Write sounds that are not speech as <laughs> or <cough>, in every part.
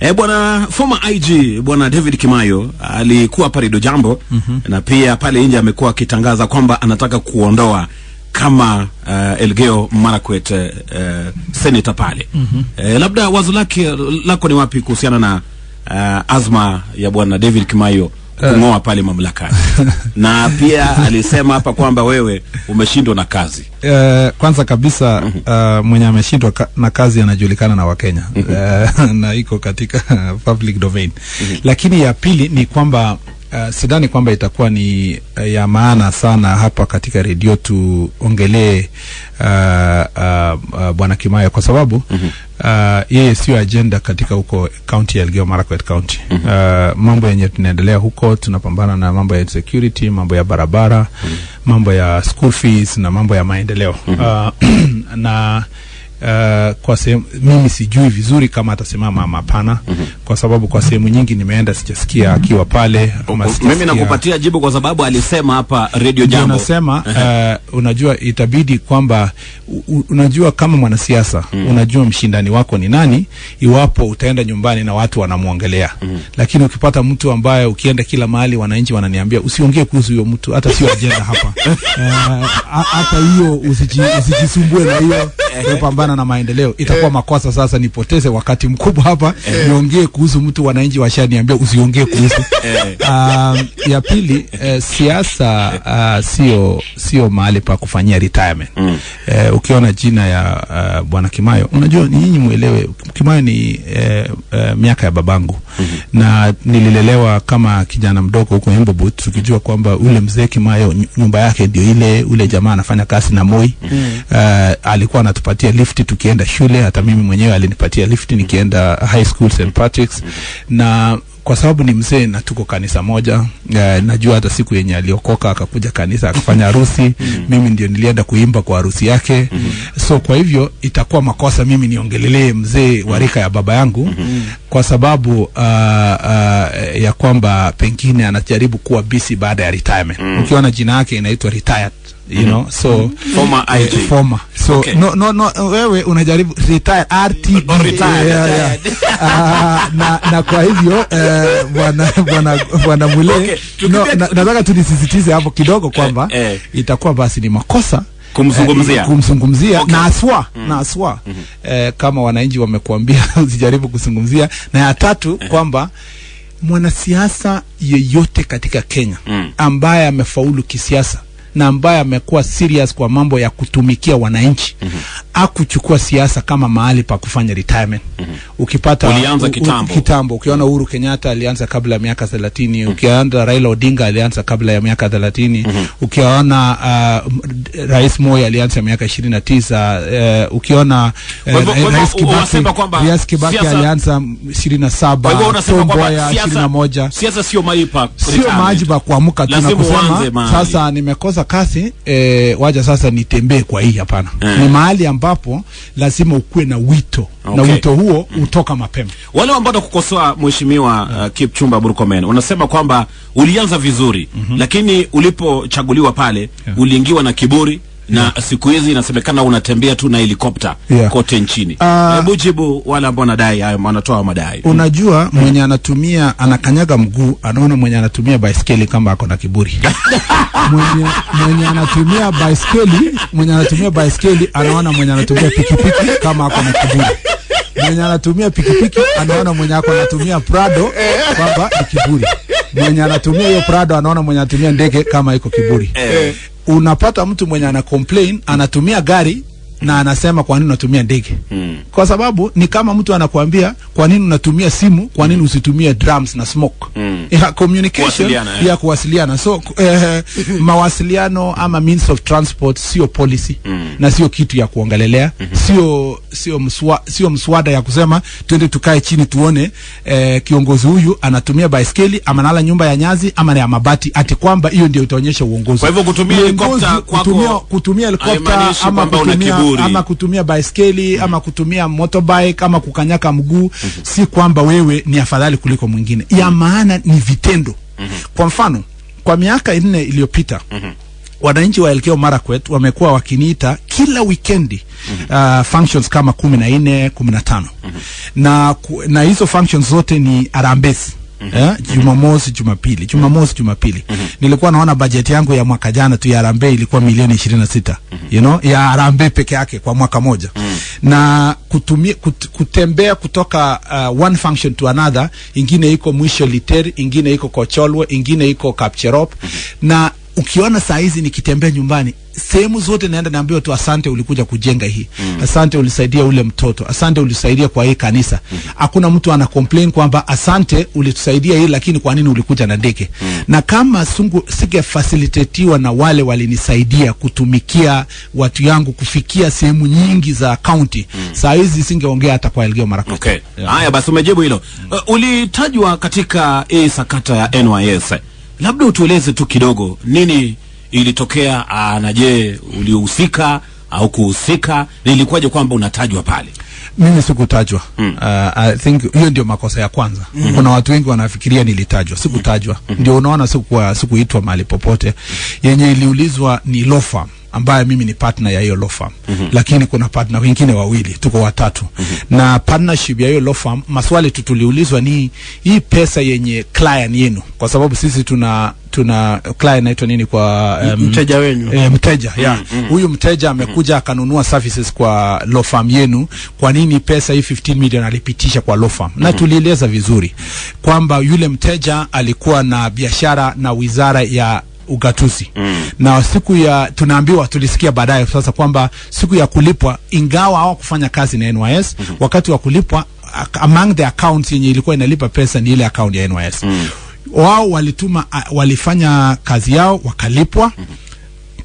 E, bwana former IG bwana David Kimayo alikuwa hapa Rido Jambo mm -hmm. na pia pale nje amekuwa akitangaza kwamba anataka kuondoa kama uh, Elgeyo Marakwet uh, senator pale mm -hmm. E, labda wazo lake lako ni wapi kuhusiana na uh, azma ya bwana David Kimayo Eh. kung'oa pale mamlakani <laughs> na pia alisema hapa kwamba wewe umeshindwa na kazi. Uh, kwanza kabisa uh, mwenye ameshindwa ka na kazi anajulikana na Wakenya uh, <laughs> na iko katika public domain, mhm. lakini ya pili ni kwamba Uh, sidhani kwamba itakuwa ni uh, ya maana sana hapa katika redio tuongelee uh, uh, uh, Bwana Kimaya kwa sababu mm -hmm. uh, yeye siyo agenda katika huko kaunti ya Elgeyo Marakwet County mm -hmm. uh, mambo yenye tunaendelea huko, tunapambana na mambo ya security, mambo ya barabara mm -hmm. mambo ya school fees na mambo ya maendeleo mm -hmm. uh, na uh, kwa sehemu mimi sijui vizuri kama atasimama ama hapana, mm -hmm. kwa sababu kwa sehemu nyingi nimeenda sijasikia akiwa pale Mimi nakupatia jibu kwa sababu alisema hapa Radio Jambo, anasema uh, eh, unajua itabidi kwamba unajua kama mwanasiasa mm -hmm. unajua mshindani wako ni nani iwapo utaenda nyumbani na watu wanamwongelea mm -hmm. lakini ukipata mtu ambaye ukienda kila mahali wananchi wananiambia usiongee kuhusu huyo mtu, hata sio ajenda hapa <laughs> eh, hata uh, hiyo usijisumbue usiji na hiyo kupambana na maendeleo, itakuwa makosa sasa nipoteze wakati mkubwa hapa niongee kuhusu mtu wananchi washaniambia usiongee kuhusu. <laughs> Um, ya pili eh, siasa uh, sio sio mahali pa kufanyia retirement mm. Eh, ukiona jina ya uh, bwana Kimayo unajua mm. nyinyi mwelewe Kimayo ni eh, eh, miaka ya babangu Mhm. na nililelewa kama kijana mdogo huko Embobut tukijua kwamba ule mzee Kimayo nyumba yake ndio ile, ule jamaa anafanya kazi na Moi mm -hmm. uh, alikuwa anatupatia lifti tukienda shule, hata mimi mwenyewe alinipatia lift nikienda high school St Patrick's mm -hmm. na kwa sababu ni mzee na tuko kanisa moja e, najua hata siku yenye aliokoka akakuja kanisa akafanya harusi <laughs> mm -hmm. Mimi ndio nilienda kuimba kwa harusi yake mm -hmm. So kwa hivyo itakuwa makosa mimi niongelelee mzee wa rika ya baba yangu mm -hmm. Kwa sababu uh, uh, ya kwamba pengine anajaribu kuwa bisi baada ya retirement mm -hmm. Ukiona jina yake inaitwa retired you mm-hmm. know so former IG uh, former so no no no wewe unajaribu retire RT retire yeah, yeah. Ah, na na kwa hivyo bwana uh, bwana bwana Mule no, nataka tu nisisitize hapo kidogo kwamba eh, eh, itakuwa basi ni makosa eh, kumzungumzia kumzungumzia okay. na aswa mm. na aswa mm -hmm. eh, kama wananchi wamekuambia <laughs> usijaribu kuzungumzia, na ya tatu eh. kwamba mwanasiasa yeyote katika Kenya mm. ambaye amefaulu kisiasa na ambaye amekuwa serious kwa mambo ya kutumikia wananchi mm -hmm akuchukua siasa kama mahali pa kufanya retirement. mm -hmm. Ukipata ulianza kitambo, kitambo ukiona Uhuru Kenyatta alianza kabla ya miaka 30. mm -hmm. Ukiona Raila Odinga alianza kabla ya miaka 30. mm -hmm. Ukiona uh, Rais Moi alianza miaka 29. Uh, ukiona uh, Rais Kibaki, Rais Kibaki alianza 27, Tomboya 21. Siasa sio mahali pa sio mahali pa kuamka tu na kusema sasa nimekosa kasi eh, waja sasa nitembee kwa hii. Hapana, eh. ni mahali ambapo lazima ukuwe na wito okay. na wito huo mm. utoka mapema. Wale ambao kukosoa mheshimiwa yeah. uh, Kipchumba Murkomen unasema kwamba ulianza vizuri mm -hmm. lakini ulipochaguliwa pale yeah. uliingiwa na kiburi na yeah. siku hizi inasemekana unatembea tu na helikopta yeah, kote nchini uh, ah. mujibu wale ambao wanadai hayo wanatoa madai. Unajua mwenye anatumia anakanyaga mguu anaona mwenye anatumia baiskeli kama ako na kiburi <laughs> mwenye, mwenye anatumia baiskeli mwenye anatumia baiskeli anaona mwenye anatumia pikipiki kama ako na kiburi mwenye anatumia pikipiki anaona mwenye ako anatumia Prado kwamba ni kiburi mwenye anatumia hiyo Prado anaona mwenye anatumia ndege kama iko kiburi. Eh unapata mtu mwenye ana complain anatumia gari na anasema kwa nini unatumia ndege mm. Kwa sababu ni kama mtu anakuambia kwa nini unatumia simu, kwa nini hmm. usitumie drums na smoke mm. ya communication kuwasiliana, eh. ya kuwasiliana so eh, <laughs> mawasiliano ama means of transport sio policy mm. na sio kitu ya kuongelelea mm hmm. sio sio mswa, sio mswada ya kusema twende tukae chini tuone eh, kiongozi huyu anatumia baiskeli ama nala nyumba ya nyazi ama ya mabati ati kwamba hiyo ndio itaonyesha uongozi. Kwa hivyo kutumia helicopter kutumia helicopter ama kutumia nzuri, ama kutumia baiskeli ama kutumia motorbike ama kukanyaka mguu, si kwamba wewe ni afadhali kuliko mwingine. Ya maana ni vitendo. Kwa mfano, kwa miaka nne iliyopita wananchi wa Elgeyo Marakwet wamekuwa wakiniita kila wikendi mm -hmm. uh, functions kama kumi na nne kumi na tano na hizo functions zote ni arambesi mm -hmm. yeah? Jumamosi, Jumapili, Jumamosi, Jumapili mm -hmm. nilikuwa naona budget yangu ya mwaka jana tu ya Harambee ilikuwa milioni 26 mm -hmm. you know, ya Harambee peke yake kwa mwaka moja mm -hmm. na kutumia kut, kutembea kutoka uh, one function to another, ingine iko mwisho Literi, ingine iko Kocholwe, ingine iko Kapcherop mm -hmm. na ukiona saa hizi nikitembea nyumbani sehemu zote naenda naambiwa tu asante, ulikuja kujenga hii mm. Asante ulisaidia ule mtoto, asante ulisaidia kwa hii kanisa. Mm. Hakuna mm. mtu ana complain kwamba asante ulitusaidia hii, lakini kwa nini ulikuja na ndege mm. na kama sungu sige singefasilitatiwa na wale walinisaidia kutumikia watu yangu kufikia sehemu nyingi za county mm. saa hizi singeongea hata kwa Elgeyo Marakwet. Okay, haya yeah. Basi umejibu hilo mm. Uh, ulitajwa katika hii sakata ya NYS labda utueleze tu kidogo nini ilitokea ah, na je, ulihusika au kuhusika? Nilikuwaje kwamba unatajwa pale? Mimi sikutajwa. mm. Uh, I think hiyo ndio makosa ya kwanza. mm. Kuna watu wengi wanafikiria nilitajwa, sikutajwa. mm -hmm. Ndio unaona sikuitwa mahali popote. Yenye iliulizwa ni law firm ambaye mimi ni partner ya hiyo law firm mm -hmm. Lakini kuna partner wengine wawili, tuko watatu mm -hmm. Na partnership ya hiyo law firm, maswali tu tuliulizwa ni hii pesa yenye client yenu, kwa sababu sisi tuna tuna client naitwa nini kwa um, mteja wenu e, mteja mm ya yeah. mm -hmm. mteja amekuja akanunua services kwa law firm yenu, kwa nini pesa hii 15 million alipitisha kwa law firm? mm -hmm. Na tulieleza vizuri kwamba yule mteja alikuwa na biashara na wizara ya ugatuzi mm. Na siku ya tunaambiwa, tulisikia baadaye sasa kwamba siku ya kulipwa, ingawa kufanya kazi na NYS mm -hmm. Wakati wa kulipwa among the accounts yenye ilikuwa inalipa pesa ni ile account ya NYS mm. Wao walituma walifanya kazi yao wakalipwa mm -hmm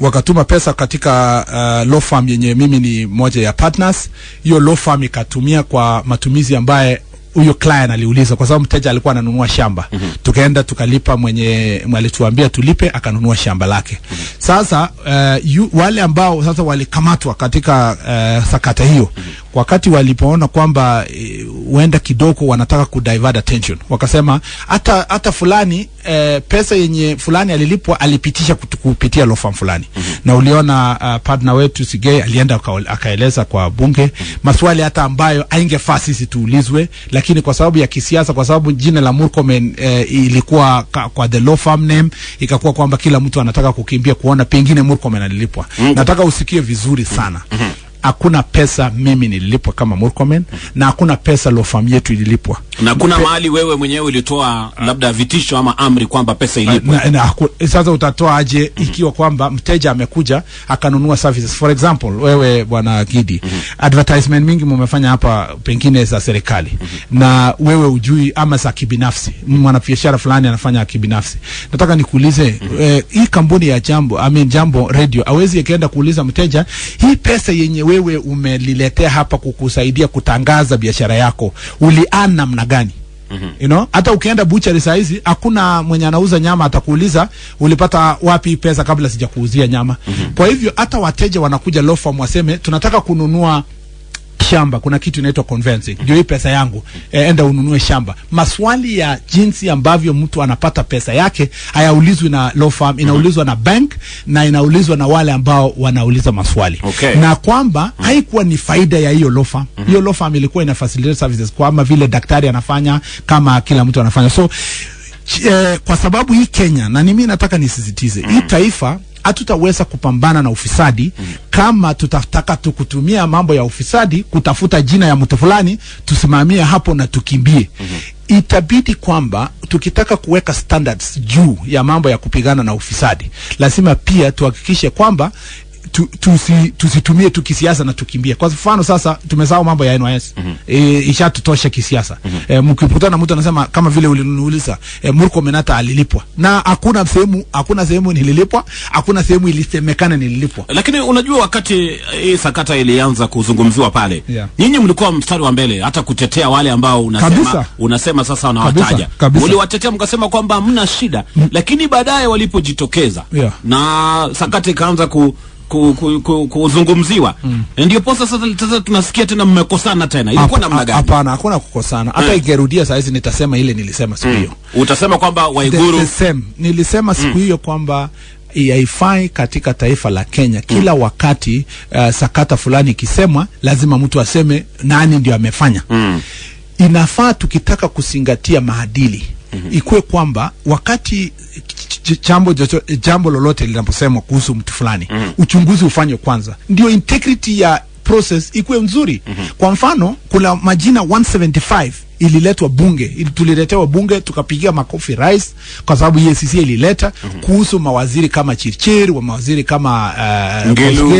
wakatuma pesa katika uh, law firm yenye mimi ni moja ya partners. Hiyo law firm ikatumia kwa matumizi ambaye huyo client aliuliza, kwa sababu mteja alikuwa ananunua shamba mm -hmm. Tukaenda tukalipa, mwenye alituambia tulipe, akanunua shamba lake mm -hmm. Sasa uh, yu, wale ambao sasa walikamatwa katika uh, sakata hiyo mm -hmm. Wakati walipoona kwamba eh, huenda uh, kidogo wanataka ku divert attention, wakasema hata hata fulani uh, pesa yenye fulani alilipwa alipitisha kupitia law firm fulani mm -hmm na uliona uh, partner wetu Sigei alienda akaeleza kwa bunge maswali hata ambayo aingefaa sisi tuulizwe, lakini kwa sababu ya kisiasa, kwa sababu jina la Murkomen eh, ilikuwa ka, kwa the law firm name ikakuwa kwamba kila mtu anataka kukimbia kuona pengine Murkomen alilipwa. Mm -hmm. Nataka usikie vizuri sana. Mm -hmm hakuna pesa mimi nililipwa kama Murkomen mm na hakuna pesa Lofam yetu ililipwa, na kuna mahali wewe mwenyewe ulitoa labda vitisho ama amri kwamba pesa ilipwe. Sasa utatoa aje mm -hmm. ikiwa kwamba mteja amekuja akanunua services? For example wewe bwana Gidi, mhm. advertisement mingi mumefanya hapa, pengine za serikali mm -hmm. na wewe ujui, ama za kibinafsi, mwanabiashara fulani anafanya kibinafsi. Nataka nikuulize mm -hmm. eh, hii kampuni ya Jambo I mean Jambo Radio hawezi akaenda kuuliza mteja hii pesa yenyewe wewe umeliletea hapa kukusaidia kutangaza biashara yako, ulian namna gani? Mm -hmm. You know, hata ukienda buchari saa hizi hakuna mwenye anauza nyama atakuuliza ulipata wapi pesa kabla sijakuuzia nyama. Mm -hmm. Kwa hivyo hata wateja wanakuja law firm waseme tunataka kununua shamba, kuna kitu inaitwa convincing ndio hii pesa yangu e, enda ununue shamba. Maswali ya jinsi ambavyo mtu anapata pesa yake hayaulizwi na law firm, inaulizwa mm -hmm. na bank na inaulizwa na wale ambao wanauliza maswali okay. na kwamba mm -hmm. haikuwa ni faida ya hiyo law firm mm hiyo -hmm. law firm ilikuwa ina facilitate services kama vile daktari anafanya, kama kila mtu anafanya so ch, eh, kwa sababu hii Kenya na mimi nataka nisisitize mm hii taifa hatutaweza kupambana na ufisadi mm. Kama tutataka tukutumia mambo ya ufisadi kutafuta jina ya mtu fulani, tusimamie hapo na tukimbie mm -hmm. Itabidi kwamba tukitaka kuweka standards juu ya mambo ya kupigana na ufisadi, lazima pia tuhakikishe kwamba tu, tu, tusitumie tu kisiasa na tukimbie. Kwa mfano sasa tumesahau mambo ya NYS. Mm -hmm. E, ishatutosha kisiasa. Mm -hmm. E, mkikutana na mtu anasema kama vile uliniuliza e, Murko Menata alilipwa. Na hakuna sehemu hakuna sehemu nililipwa, hakuna sehemu ilisemekana nililipwa. Lakini unajua wakati e, hii e, sakata ilianza kuzungumziwa pale. Yeah. Nyinyi mlikuwa mstari wa mbele hata kutetea wale ambao unasema kabisa. Unasema sasa unawataja. Uliwatetea mkasema kwamba hamna shida, mm -hmm. Lakini baadaye walipojitokeza yeah. na sakata ikaanza ku kuzungumziwa mm. Ndio posa sasa, sasa tunasikia tena mmekosana tena, ilikuwa namna gani? Hapana, hakuna kukosana hata mm. Ikirudia saa hizi nitasema ile nilisema siku mm. hiyo mm. Utasema kwamba Waiguru the, the same nilisema siku mm. hiyo mm. kwamba haifai katika taifa la Kenya mm. kila mm. wakati uh, sakata fulani ikisemwa lazima mtu aseme nani ndio amefanya mm. Inafaa tukitaka kuzingatia maadili -hmm. ikuwe kwamba wakati jambo jambo lolote linaposemwa kuhusu mtu fulani mm -hmm. uchunguzi ufanywe kwanza, ndio integrity ya process ikuwe nzuri mm -hmm. kwa mfano kuna majina 175 ililetwa bunge, ili tuliletewa bunge tukapigia makofi rais, kwa sababu EACC ilileta mm -hmm. kuhusu mawaziri kama Chirchir wa mawaziri kama uh, Ngelu, uh,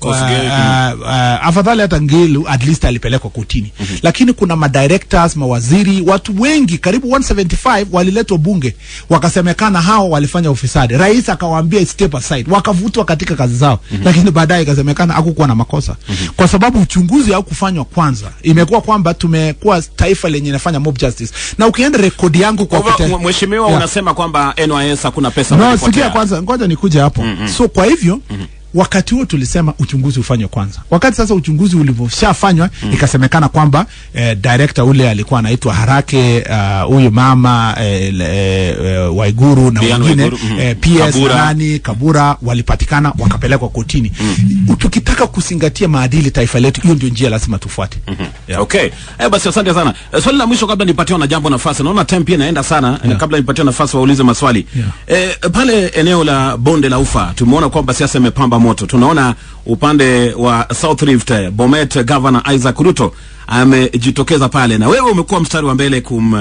uh, uh, afadhali hata Ngelu at least alipelekwa kutini mm -hmm. lakini kuna madirectors, mawaziri, watu wengi karibu 175 waliletwa bunge, wakasemekana hao walifanya ufisadi. Rais akawaambia step aside, wakavutwa katika kazi zao mm -hmm. lakini baadaye ikasemekana hakukuwa na makosa mm -hmm. kwa sababu uchunguzi haukufanywa kwanza. Imekuwa kwamba tumekuwa taifa lenye inafanya mob justice, na ukienda rekodi yangu kwa Mheshimiwa, unasema kwamba NYS hakuna pesa. No, sikia kwanza, ngoja nikuje hapo. mm -hmm. So kwa hivyo mm -hmm wakati huo tulisema uchunguzi ufanywe kwanza. Wakati sasa uchunguzi ulivyoshafanywa mm. ikasemekana kwamba eh, director ule alikuwa anaitwa Harake eh, huyu uh, mama eh, eh, Waiguru na wengine mm. eh, PS Kabura. nani Kabura walipatikana wakapelekwa kotini mm. tukitaka kusingatia maadili taifa letu, hiyo ndio njia lazima tufuate. mm -hmm. yeah. Okay, eh, basi asante sana. Eh, swali la mwisho kabla nipatiwe na jambo nafasi, naona time pia inaenda sana eh, yeah. kabla nipatiwe nafasi waulize maswali yeah. eh, pale eneo la bonde la ufa tumeona kwamba siasa imepamba changamoto. Tunaona upande wa South Rift, Bomet Governor Isaac Ruto amejitokeza pale, na wewe umekuwa mstari wa mbele kum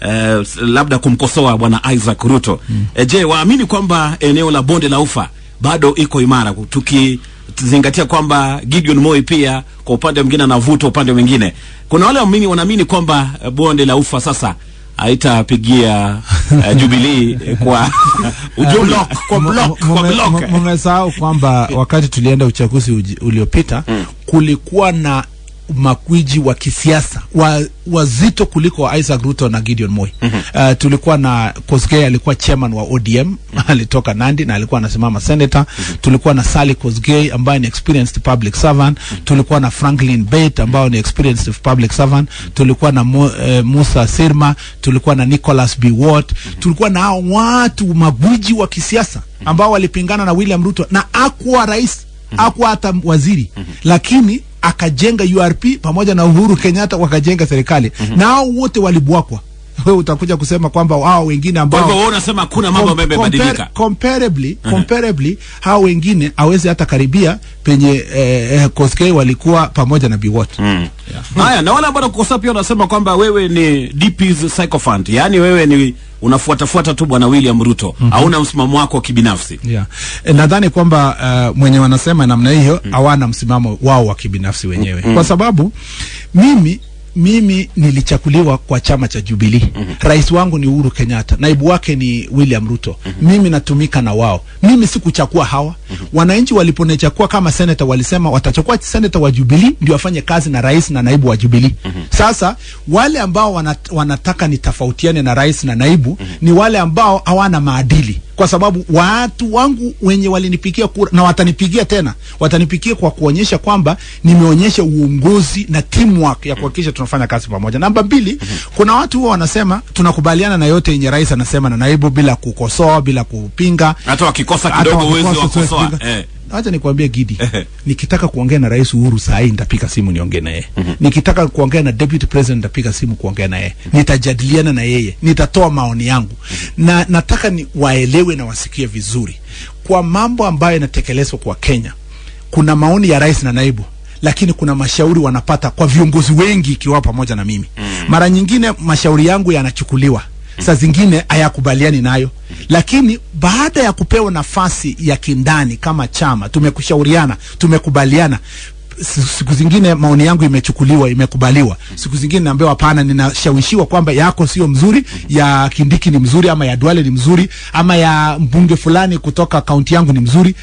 eh, labda kumkosoa bwana Isaac Ruto mm. Je, waamini kwamba eneo la bonde la ufa bado iko imara, tukizingatia kwamba Gideon Moi pia kwa upande mwingine anavuta upande mwingine. Kuna wale waamini wanaamini kwamba bonde la ufa sasa aitapigia uh, <laughs> eh, Jubilee eh, kwa eh, block kwa block kwa block. kwamba wakati tulienda uchaguzi uliopita mm. kulikuwa na makwiji wa kisiasa wazito wa kuliko Isaac Ruto na Gideon Moi. mm -hmm. Uh, tulikuwa na Kosgei alikuwa chairman wa ODM mm -hmm. <laughs> alitoka Nandi na alikuwa anasimama senator. mm -hmm. Tulikuwa na Sally Kosgei ambaye ni experienced public servant. mm -hmm. Tulikuwa na Franklin Bett ambaye ni experienced public servant. mm -hmm. Tulikuwa na Mo, eh, Musa Sirma, tulikuwa na Nicholas B Watt. mm -hmm. Tulikuwa na hao watu magwiji wa kisiasa mhm. ambao walipingana na William Ruto na akuwa rais, mm -hmm. akuwa hata waziri. mm -hmm. lakini akajenga URP pamoja na Uhuru Kenyatta wakajenga serikali mm -hmm. na hao wote walibwakwa. <laughs> Wewe utakuja kusema kwamba hao wengine ambao kwa hivyo wewe unasema kuna mambo ambayo yamebadilika comparably mhm. comparably, hao wengine hawezi hata karibia penye eh, eh Koskei walikuwa pamoja na Biwott mm. yeah. Haya, na wale ambao nakukosa pia wanasema kwamba wewe ni DP's sycophant, yani wewe ni unafuatafuata tu Bwana William Ruto mm hauna -hmm. msimamo wako kibinafsi yeah. E, nadhani kwamba uh, mwenye wanasema namna hiyo mm. hawana -hmm. msimamo wao wa kibinafsi wenyewe mm -hmm. kwa sababu mimi mimi nilichakuliwa kwa chama cha Jubilee. mm -hmm. Rais wangu ni Uhuru Kenyatta, naibu wake ni William Ruto. mm -hmm. Mimi natumika na wao, mimi sikuchakua hawa. mm -hmm. Wananchi waliponichakua kama seneta, walisema watachukua seneta wa Jubilee ndio afanye kazi na rais na naibu wa Jubilee. mm -hmm. Sasa wale ambao wanat, wanataka nitofautiane na rais na naibu, mm -hmm. ni wale ambao hawana maadili kwa sababu watu wangu wenye walinipigia kura na watanipigia tena, watanipigia kwa kuonyesha kwamba nimeonyesha uongozi na teamwork ya kuhakikisha tunafanya kazi pamoja. Namba mbili, mm -hmm. kuna watu huwa wanasema tunakubaliana na yote yenye rais anasema na naibu, bila kukosoa, bila kupinga, hata wakikosa kidogo uwezo wa kukosoa eh acha nikwambie Gidi, nikitaka kuongea na Rais Uhuru saa hii nitapiga simu niongee na yeye. Mhm. Nikitaka kuongea na Deputy President nitapiga simu kuongea na yeye, mhm. nitajadiliana na yeye, nitatoa maoni yangu, mhm. na nataka ni waelewe na wasikie vizuri kwa mambo ambayo yanatekelezwa kwa Kenya. Kuna maoni ya rais na naibu lakini kuna mashauri wanapata kwa viongozi wengi ikiwa pamoja na mimi. Mara nyingine mashauri yangu yanachukuliwa saa zingine hayakubaliani nayo, lakini baada ya kupewa nafasi ya kindani kama chama, tumekushauriana, tumekubaliana siku zingine maoni yangu imechukuliwa, imekubaliwa. Siku zingine naambiwa hapana, ninashawishiwa kwamba yako sio mzuri, ya Kindiki ni mzuri, ama ya Duale ni mzuri, ama ya mbunge fulani kutoka kaunti yangu ni mzuri.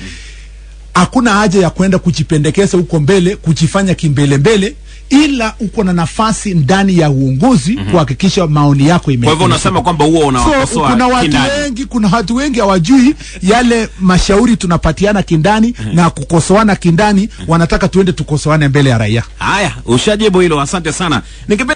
Hakuna haja ya kwenda kujipendekeza huko mbele, kujifanya mbele ila uko na nafasi ndani ya uongozi mm -hmm. kuhakikisha maoni yako ime. Kwa hivyo unasema kwamba huo unawakosoa. So, kuna watu kindani wengi, kuna watu wengi hawajui yale mashauri tunapatiana kindani mm -hmm. na kukosoana kindani mm -hmm. wanataka tuende tukosoane mbele ya raia. Haya, ushajibu hilo, asante sana. Nikipenda